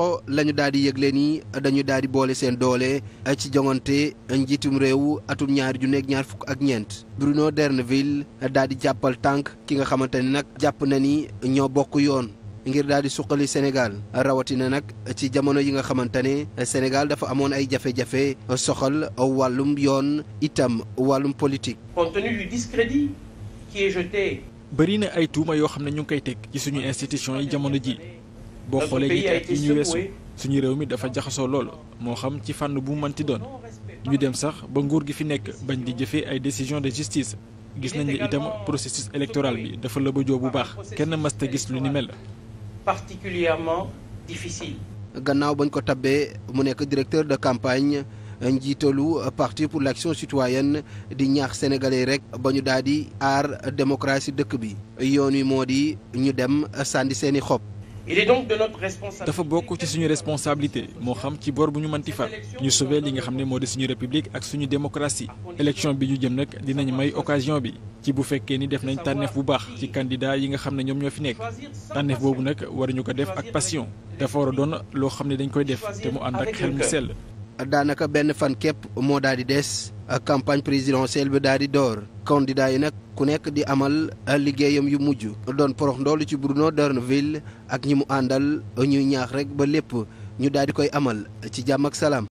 ko la ñu daal di yëgle ni dañu daal di boole seen doole eh, ci joŋante eh, njiitum réew atum ñaari ju ak ñaar fukk ak ñeent. Bruno Derneville eh, daal di jàppal tànk ki nga xamante ni nag jàpp na ni ñoo bokk yoon. ngir daal di suqali Sénégal rawatina nag ci jamono yi nga xamante ne Sénégal dafa amoon ay jafe-jafe soxal wàllum yoon itam wàllum politique. compte tenu na ay tuuma yoo xam ne ñu ngi koy teg ci suñu institution yi jamono ji boo xoolee ñi at weesu suñu réew mi dafa jaxasoo lool moo xam ci fànn bu mu mënti doon ñu dem sax ba nguur gi fi nekk bañ di jëfee ay décision de justice gis nañ ne itam processus électoral bi dafa la bëjoo bu baax kenn maste gis lu ni mel. particulièrement gannaaw bañ ko tabee mu nekk directeur de campagne njiitalu partie pour l'action citoyenne di ñaax sénégalais rek ba ñu daal di aar démocratie dëkk bi yoon wi moo di ñu dem sànni seeni xob. il est dafa bokk ci suñu responsabilité moo xam ci bor bu ñu manti fa ñu sauver li nga xam ne moo di suñu république ak suñu démocratie élection bi ñu jëm nag dinañ may occasion bi ci bu fekkee ni def nañ tànneef bu baax ci candidat yi nga xam ne ñoom ñoo fi nekk tànneef boobu nag ñu ko def ak passion dafa war a doon loo xam ne dañ koy def te mu ànd ak xel mu sell daanaka benn fan képp moo daal di des campagne présidentielle bi daal di door candidat yi nag ku nekk di amal liggéeyam yu mujj doon porox lu ci Bruno D'Erneville ak ñi mu àndal ñuy ñaax rek ba lépp ñu daal di koy amal ci jàmm ak salaam.